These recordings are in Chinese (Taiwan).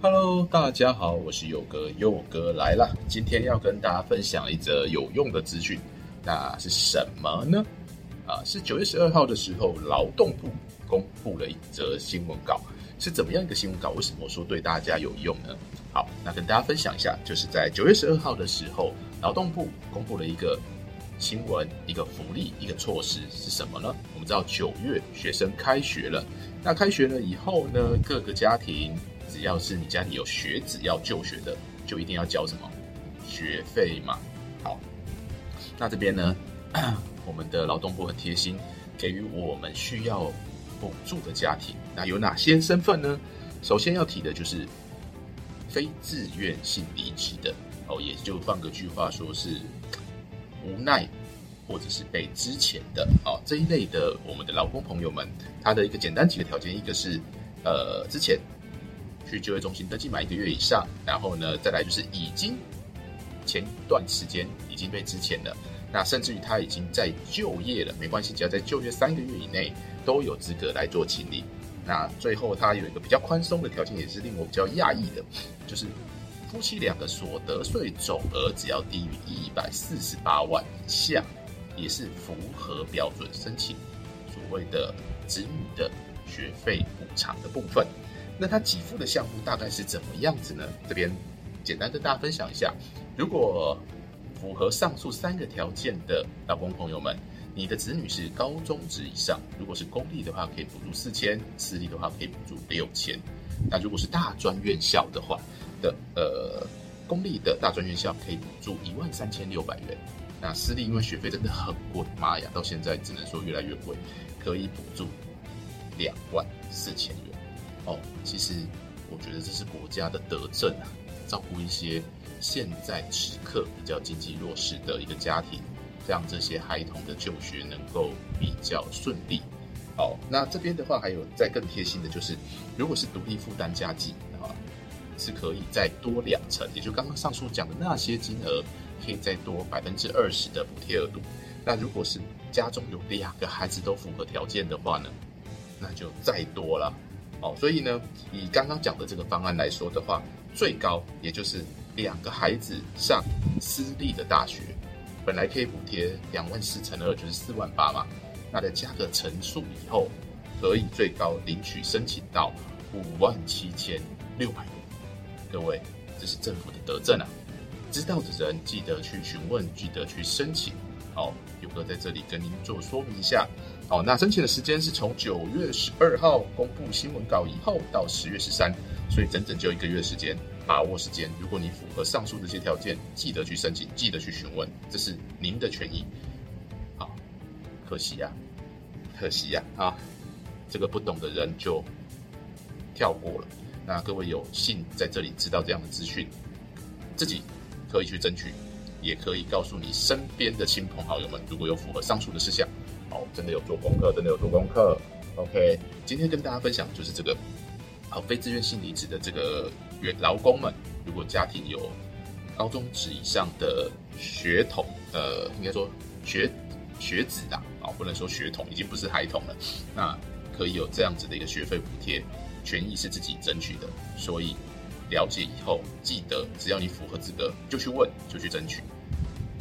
Hello，大家好，我是佑哥，佑哥來了。今天要跟大家分享一則有用的資訊，那是什麼呢？啊，是九月十二號的時候，勞動部公布了一則新聞稿，是怎麼樣一個新聞稿？為什麼我說對大家有用呢？好，那跟大家分享一下，就是在九月十二號的時候，勞動部公布了一個新聞，一個福利，一個措施是什麼呢？我們知道九月學生開學了，那開學了以後呢，各個家庭。只要是你家裡有學子要就學的，就一定要交什麼學費嘛？好，那這邊呢，我們的勞動部很貼心，給予我們需要補助的家庭。那有哪些身份呢？首先要提的就是非自願性離職的哦，也就放個句話說是無奈或者是被之前的啊、哦、這一類的我們的勞工朋友們，他的一個簡單幾個條件，一個是呃之前。去就業中心登記滿一個月以上，然後呢，再來就是已經前段時間已經被支錢了，那甚至於他已經在就業了，沒關係，只要在就業三個月以內都有資格來做清理。那最後，他有一個比較寬鬆的條件，也是令我比較訝異的，就是夫妻兩個所得稅總額只要低於一百四十八萬以下，也是符合標準申請所謂的子女的學費補償的部分。那他給付的項目大概是怎麼樣子呢？這邊簡單跟大家分享一下。如果符合上述三個條件的勞工朋友們，你的子女是高中職以上，如果是公立的話，可以補助四千；私立的話可以補助六千。那如果是大專院校的話，的呃公立的大專院校可以補助一萬三千六百元。那私立因為學費真的很貴，媽呀，到現在只能說越來越貴，可以補助兩萬四千元。哦，其實我覺得這是國家的德政啊，照顧一些現在此刻比較經濟弱勢的一個家庭，讓這些孩童的就學能夠比較順利。好、哦，那這邊的話還有再更貼心的，就是如果是獨立負擔家計啊、哦，是可以再多兩成，也就剛剛上述講的那些金額，可以再多百分之二十的補貼額度。那如果是家中有兩個孩子都符合條件的話呢，那就再多了。哦，所以呢，以剛剛講的這個方案來說的話，最高也就是兩個孩子上私立的大學，本來可以補貼兩萬四乘二就是四萬八嘛，那再加個乘數以後，可以最高領取申請到五萬七千六百元。各位，這是政府的德政啊，知道的人記得去詢問，記得去申請。好，佑哥在這裡跟您做說明一下。好，那申請的時間是從九月十二號公布新聞稿以後到十月十三，所以整整就一個月時間。把握時間，如果你符合上述這些條件，記得去申請，記得去詢問，這是您的權益。好，可惜呀、啊，可惜呀、啊，啊，這個不懂的人就跳過了。那各位有幸在這裡知道這樣的資訊，自己可以去爭取。也可以告訴你身邊的親朋好友們，如果有符合上述的事項，哦，真的有做功課，真的有做功課。OK，今天跟大家分享就是這個，啊、哦，非自願性離職的這個員勞工們，如果家庭有高中職以上的學童，呃，應該說學學子的，啊、哦，不能說學童，已經不是孩童了，那可以有這樣子的一個學費補貼，權益是自己爭取的，所以。了解以後，記得只要你符合資格，就去問，就去爭取。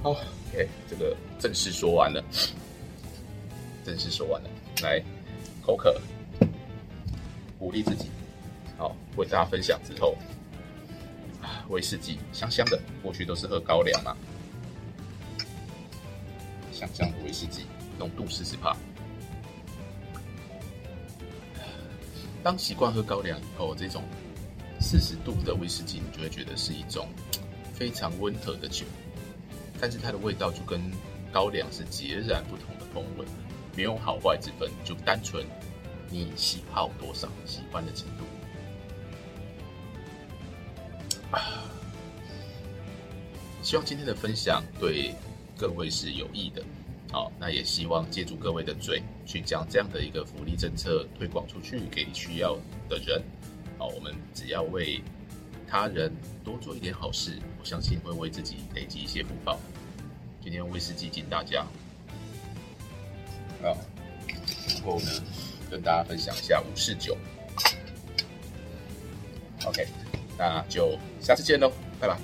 好，OK，這個正式說完了，正式說完了。來，口渴，鼓勵自己。好，為大家分享之後，啊，威士忌香香的，過去都是喝高粱嘛，香香的威士忌，濃度四十趴。當習慣喝高粱以後，這種。四十度的威士忌，你就會覺得是一種非常溫和的酒，但是它的味道就跟高粱是截然不同的風味，沒有好壞之分，就單純你喜好多少，喜歡的程度。啊，希望今天的分享對各位是有益的，哦。那也希望借助各位的嘴，去將這樣的一個福利政策推廣出去，給需要的人。好，我們只要為他人多做一點好事，我相信會為自己累積一些福報。今天威士忌敬大家，啊，然後呢，跟大家分享一下五四九。OK，那就下次見嘍，拜拜。